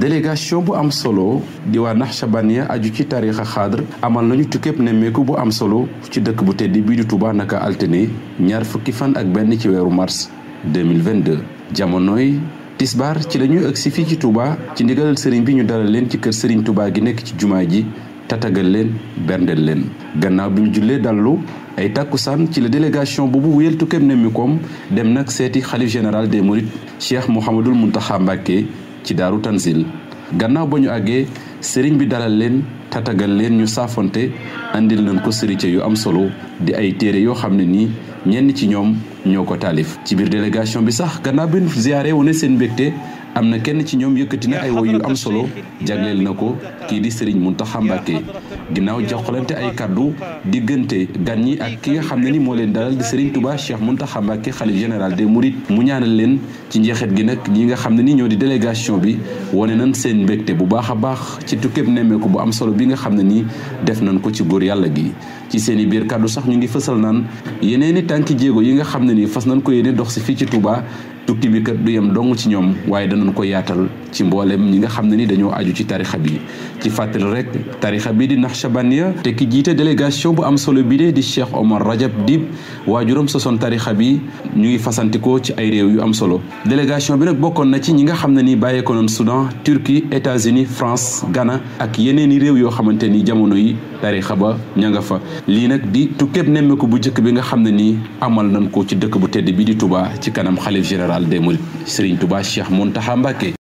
délégation bu am solo di waa Naxsabaniya aju ci tarixa xaadr amal nañu tukkeeb nemmeeku bu am solo ci dëkk bu tedd bii di Touba naka altine ñaar fukki fan ak benn ci weeru mars 2022 jamonoy tisbaar ci lañuy agsi fii ci Touba ci ndigalal sëriñ bi ñu dalal leen ci kër sëriñ Touba gi nekk ci jumaa ji tatagal leen berndel leen gannaaw bi ñu jullee dallu ay takkusaan ci la délégation boobu wéyal tukkeeb nemmeekoom dem nag seeti xalif général des mourides Cheikh Mouhamadul Mountakha Mbacké ci daaru tanzil gannaaw ba ñu àggee sëriñ bi dalal leen tatagal leen ñu saafonte andil nañ ko sërice yu am solo di ay téere yoo xam ne nii ñenn ci ñoom ñoo ko taalif ci biir délégation bi sax gannaaw bi ñu ziyaare wu ne seen mbégte am na kenn ci ñoom yëkkati na ay woy yu am solo jagleel na ko kii di Serigne Mountakha Mbacké ginnaaw joxalante ay kàddu diggante gan ñi ak ki nga xam ne ni moo leen dalal di Serigne Touba Cheikh Mountakha Mbacké xalif général des Mourides mu ñaanal leen ci njeexit gi nag ñi nga xam ne ni ñoo di délégation bi wane nañ seen mbégte bu baax a baax ci tukkeeb nemmeeku bu am solo bi nga xam ne nii def nañ ko ci góor yàlla gi ci seen i biir kàddu sax ñu ngi fësal naan yeneeni tànki jéego yi nga xam ne nii fas nañ ko yéene dox si fii ci Touba tukki bi kat du yem dong ci ñoom waaye danañ ko yaatal ci mbooleem ñi nga xam ne ni dañoo aju ci tarixa bi ci fàttali rek tarixa bi di Naxsabaniya te ki jiite délégation bu am solo bi de di Cheikh Omar Rajab Dib waajuram sosoon tarixa bi ñu ngi fasantikoo ci ay réew yu am solo délégation bi nag bokkoon na ci ñi nga xam ne ni bàyyeekoo nañ Soudan Turquie États-Unis France Ghana ak yeneen yeneeni réew yoo xamante ni jamono yi tarixa ba ña nga fa lii nag di tukkeeb nemmeeku bu njëkk bi nga xam ne ni amal nañ ko ci dëkk bu tedd bi di Touba ci kanam xalif général al des Mourides Serigne Touba Cheikh Mountakha Mbacké